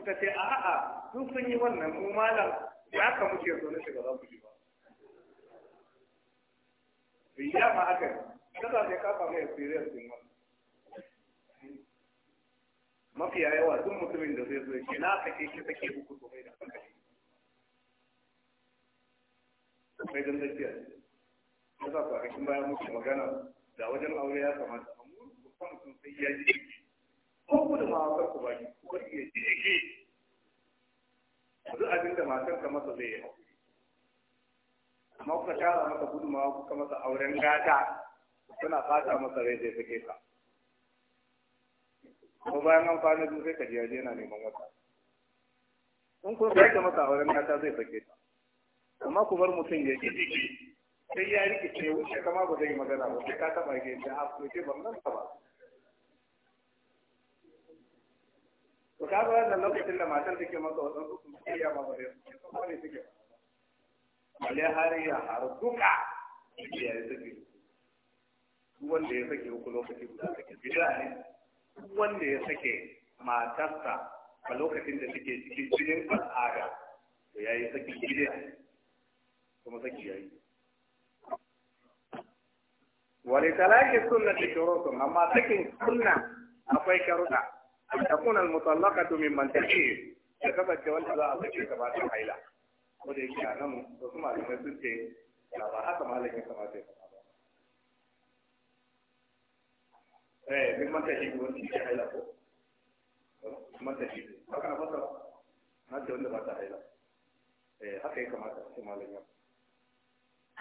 ya ce a'a sun sun wannan mu malam ya so na ku ji ba ya ma sai ka samu mafiya yawa sun mutumin da zai zo ya ce na kake shi sake uku to da hankali kai dan tsakiya ya sa kwanakin bayan muke magana da wajen aure ya kamata amma ku kan sun sai ya ji ko ku da mawakar ku baki ku bar ya ji jiki duk abin da matar ka masa zai yi amma kuka tara masa gudunmawa kuka masa auren gata kuna fata masa rai zai sake ka ko bayan an fara biyu sai ka ji yana neman wata in kun bai ka masa auren gata zai sake ta amma ku bar mutum ya rikice sai ya rikice wuce kama ba zai magana ba sai ka taɓa ah, ke ce a ko ce ban nan ba Ku ka ga wannan lokacin da matar take maka wannan su kuma iya ma ba zai kuma ne take balle har ya har duka ya yi take wanda ya sake ku lokaci guda take bid'a ne wanda ya sake matarsa a lokacin da take cikin jinin al'ada to yi sakin bid'a kuma saki yayi wani talaki sunna da shurutun amma sakin sunna akwai sharuɗa an takuna al-mutallaqatu mimman tashi da kasance wanda za a sake ta ba ta haila ko da yake a nan wasu malamai sun ce ba haka malamin kamata ya faɗa ba eh mimman tashi wanda ke haila ko mata shi haka na fasa na ce wanda ba ta haila eh haka ya kamata su malam yau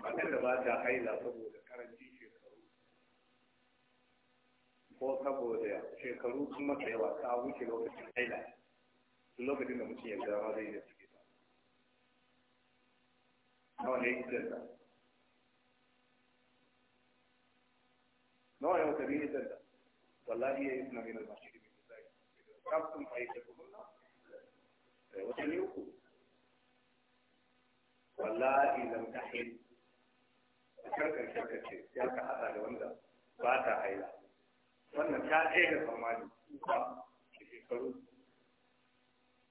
matar da ba ta haila saboda karanci shekaru ko saboda shekaru sun mata yawa ta wuce lokacin haila lokacin da mutum ya zama zai da suke ta nawa ne yi ta nawa ne wata biyu idan ta wallahi ya yi suna gina masu ilimin da zai kafin fahimta kuma na eh, wata ne uku wallahi lam tahil karkar karkace ya ka hada da wanda ba ta haila wannan ta ɗaya da samani ba da shekaru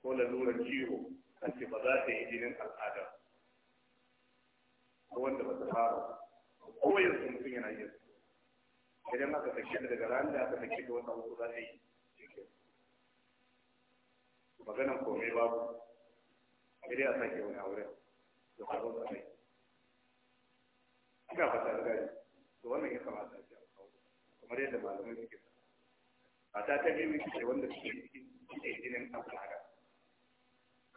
ko lalurar ciwo kan ce ba za ta yi jinin al'ada ko wanda ba ta fara ko yanzu mutum yana yin idan aka sake daga ranar da aka sake da wata uku za ta yi maganan komai babu sai dai a sake wani auren da faru da kai ina fata da gari. to wannan ya kamata a ce a kawo kamar yadda malamai suke sa a ta ta biyu ce wanda suke suke jinin al'ada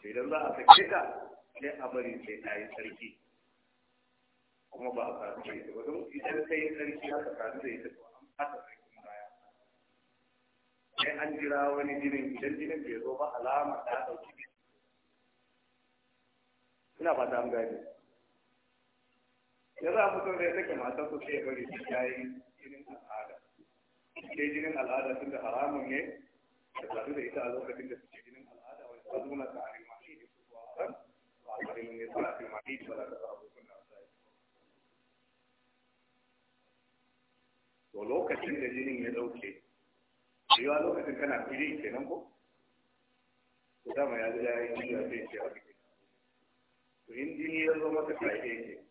to idan za a sake ta sai a bari sai ta yi sarki kuma ba a sadu da ita ba don idan ta yi sarki aka sadu da ita to an fata sarki baya sai an jira wani jinin idan jinin bai zo ba alama ta ɗauki ina fata an gane ya za mu zai take matar su sai bari su yayi jinin al'ada sai jinin al'ada tun da haramun ne da sadu da ita a lokacin da suke jinin al'ada wani sazuna ta arin mahi da su kuwa a ba a arin ne suna fi mahi da ba za ta abokan da sa to lokacin da jinin ya dauke yiwa lokacin kana fili kenan ko to dama ya ji yayi jinin da zai ce a cikin to in jini ya zo maka ake ke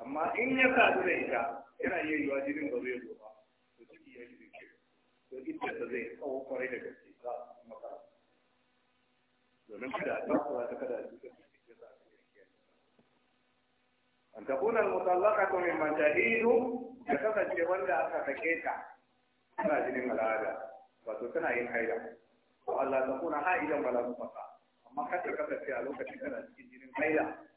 amma in ya sa da ita yana iya yiwa jinin ba zai zo ba to ciki ya yi ke to ita da zai tsawo kwarai da gaske za a samu domin kada ta takura ta kada a ji kan ciki za a yi an ta kuna mutallaka to min mantahidu da kasance wanda aka sake ta tana jinin al'ada wato tana yin haila to Allah ta kuna ha'ilan bala mutaka amma kada kasance a lokacin tana cikin jinin haila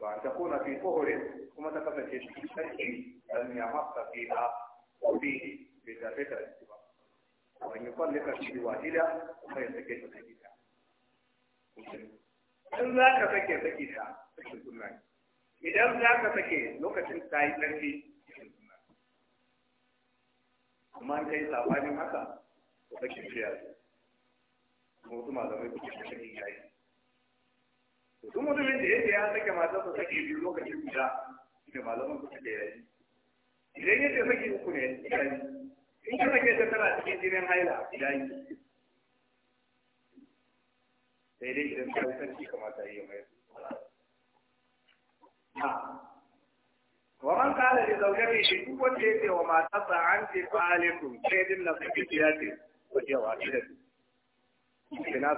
وأن تكون في طهر ثم تكفت في شيء لم يمس فيها وفيه بذلك الاستمرار وأن يطلق في واحدة ثم يتكيف سكيتا إن ذاك سكي سكيتا سكي سنة إذا ذاك سكي لو كنت تايد لنفي amma in kai sabanin haka to kake shirya su kuma wasu malamai kuke kashe yayi duk mutumin da yake ya sake matarsa sake biyu lokacin guda da malaman suka da yaji idan yake sake uku ne in ka sake ta cikin jinin haila sai dai idan ta sarki kamata ya yi mai ومن قال لزوجته شيء da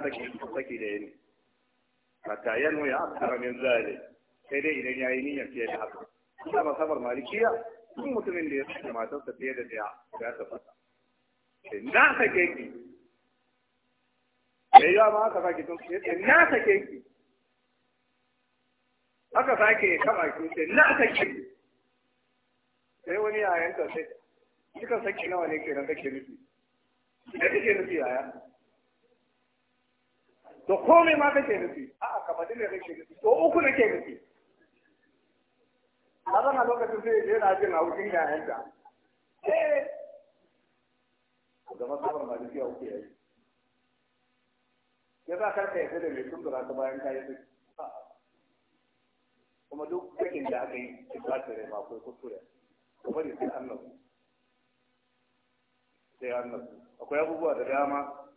hatta yanwa ya akara min zalik sai dai idan yayi niyyar fiye da haka kuma masabar malikiya duk mutumin da ya saki matarsa fiye da daya ya tabbata eh, na sake ki Me yawa ma aka sake tun sai na sake ki aka sake kama ki sai na sake ki sai wani yayan ka sai kika saki nawa ne ke kenan kake nufi da kake nufi yaya to komai ma kene nufi a'a ka faɗi ne kake nufi to nufi na zan a lokacin na jin eh. da ma ka kuma duk cikin da aka yi ba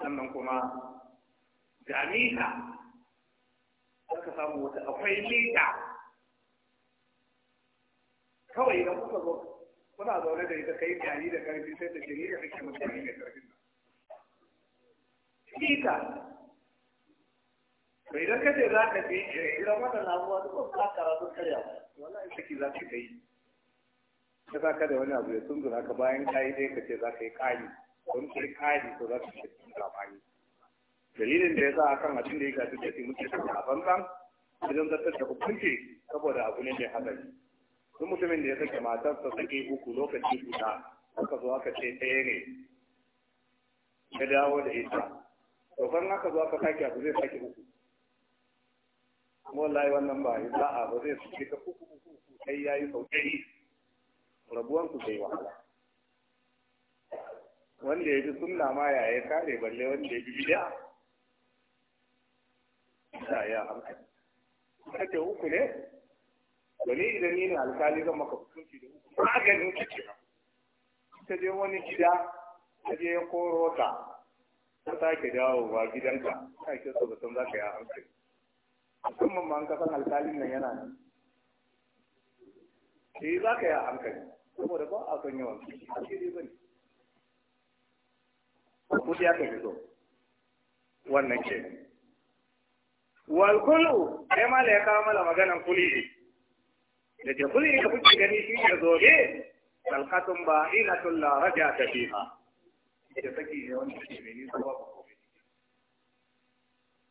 sannan kuma ga mita aka samu wata akwai mita kawai idan kuka zo kuna zaune da ita kai tari da karfi sai da shirya da kake mutane da karfin nan mita bai idan kace za ka je eh, idan wannan lamuwa duk ba karatu karya wallahi saki za ka yi ta ka da wani abu ya tunzura ka bayan kayi dai ka ce za ka yi ƙari. wani kirkari ko za su ce cikin zamani dalilin da ya sa akan abin da ya gaji da ke muke tafiya a banzan wajen zartar da hukunci saboda abu ne mai hatsari duk mutumin da ya sake matarsa sake uku lokaci guda aka zo aka ce ɗaya ne ya dawo da ita to ban aka zo aka sake abu zai sake uku kuma wallahi wannan ba yi a ba zai sake ka uku uku uku sai yi sau ɗari rabuwan ku bai wahala wanda ya bi sunna ma ya yi kare balle wanda ya bi bid'a ta ya hankali kace uku ne wani idan ni ne alkali zan maka hukunci da uku maganin ba ta je wani gida ta je ya koro ta ta sake dawo ba gidanka ta ke so batun za ka yi hankali musamman ma an kasan alkalin nan yana nan yi eh, za ka yi hankali saboda ba a son yawan kiki a shi ne samun ya aka fito wannan ke wal ai ma mala ya kawo mana maganan ne da ke kulli ka kuke gani shi ne zobe talqatun ba'inatun la rajata fiha Ita saki ne wanda ke mai nisa ba ko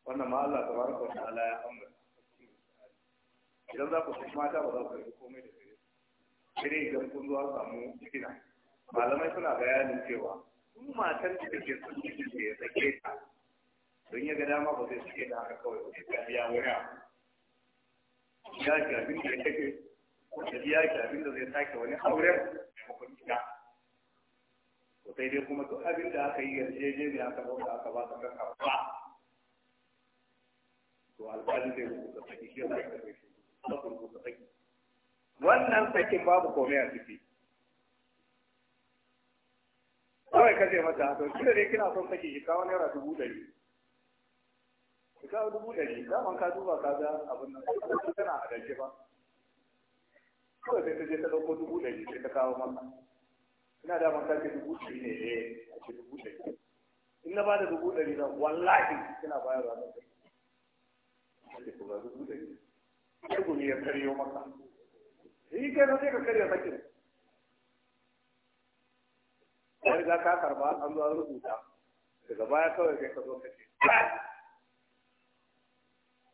wannan ma Allah tabaraka wa ta'ala ya amma idan za ku kuma mata ba za ku yi komai da sai dai idan kun zuwa samu kina malamai suna bayanin cewa su matan da ke su cikin da ya sake ta don ya ga dama ba zai suke da haka kawai ba ta biya wani abu ya ki abin da ya take da biya ki abin da zai sake wani auren maimakon gida to sai dai kuma duk abin da aka yi ne aka bauta aka ba ka kan ba to alƙali zai rubuta saki shi ya sake da shi wannan sakin babu komai a ciki ce mata to kina dai kina son sake ki kawo naira dubu ɗari ki kawo dubu ɗari daman ka duba ka ga abin nan ko tana a dace ba kawai sai ta je ta ɗauko dubu ɗari sai ta kawo maka ina da ka ce dubu ɗari ne eh a ce dubu ɗari in na bada dubu ɗari na wallahi kina bayarwa na ɗari sai ku ga dubu ɗari sai gumi ya karyo maka shi kenan sai ka karya sakin ka riga ka karba an zo rubuta daga baya kawai sai ka zo ka ce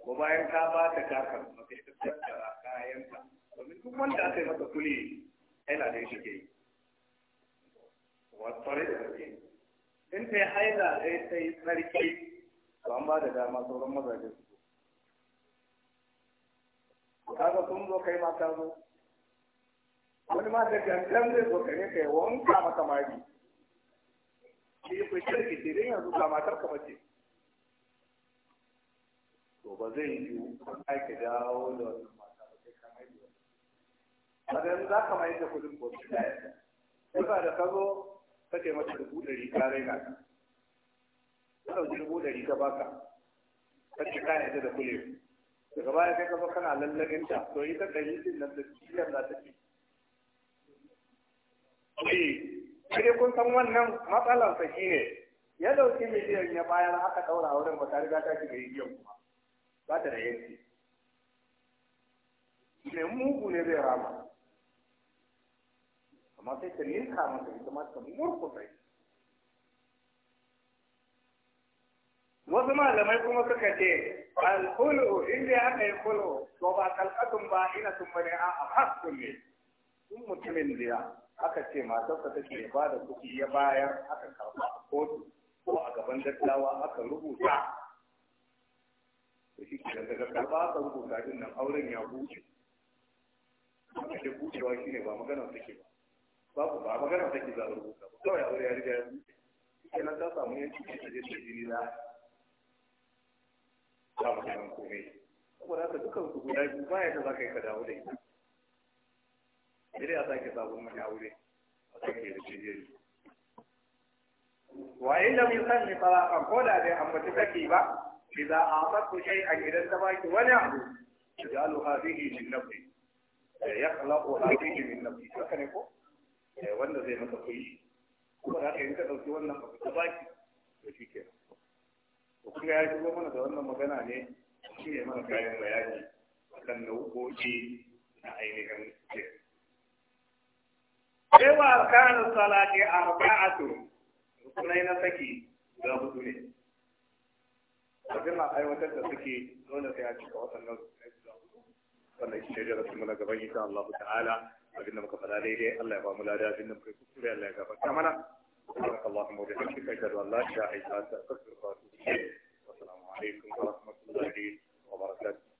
ko bayan ka ba ta ka karba sai ka tattara kayanka domin duk wanda aka yi masa kuli yana da shi ke yi wattare da kake in ta yi haila sai ta yi tsarki to an ba da dama sauran mazaje su kaga sun zo kai ma ta zo wani ma da gangan zai zo kare kai wanka maka mari shi ku shirki ce dai yanzu ba matar ka mace. to ba zai yi an aika dawo da wannan mata ba sai ka Ba da yanzu za ka mai da kudin gobe da ya ba da ka zo ka ce mata dubu ɗari ka raina ka ɗauki dubu ɗari ka baka ka ce ka yadda da kule. daga baya kai kafa kana lallagin ta to ita ɗari din nan da ciyar na ta ce sai kun san wannan matsalar sa shine ya dauki miliyan ya bayar aka daura wurin ba tare da ta shiga yiyo kuma ba ta da yanki ne mugu ne zai rama amma sai ta ninka masa ita ma ta murkusa wasu malamai kuma suka ce alkulu inda aka yi kulu to ba kalkatun ba ina tun bane a haskun ne sun mutumin diya aka ce matarsa take ba da kuɗi ya bayar aka karɓa a kotu ko a gaban dattawa aka rubuta da shi ke daga karɓa aka rubuta din nan auren ya buce aka ce bucewa shi ne ba maganar ke ba babu ba maganar ke za a rubuta ba kawai aure ya riga ya buce shi nan ta samu yanci ce ta je ta jini na za mu kenan komai saboda haka dukansu guda biyu ba da za ka yi ka dawo da ita sai dai a sake sabon wani aure a sake da shirye wa illa san ni fara ko da dai an mutu kake ba za a idza a'taqtu a gidan ta baki wani abu yajalu hadhihi min nafsi eh, ya khalaqu hadhihi min nafsi haka ne ko eh, wanda zai masa kuyi kuma za da yi ka dauki wannan abu ta baki to shikenan to kun ya shigo mana da wannan magana ne shi ne mana kayan bayani akan nau'o'i na ainihin shirka sai wa salati arba'atu rukunai na saki hudu ne aiwatar da suke dole sai a cika waɗannan wannan shi da rasu mana gaban Allah ta'ala abinda muka faɗa daidai Allah ya ba mu lada abinda muka yi kuskure Allah ya gafarta mana سبحانك اللهم وبحمدك اشهد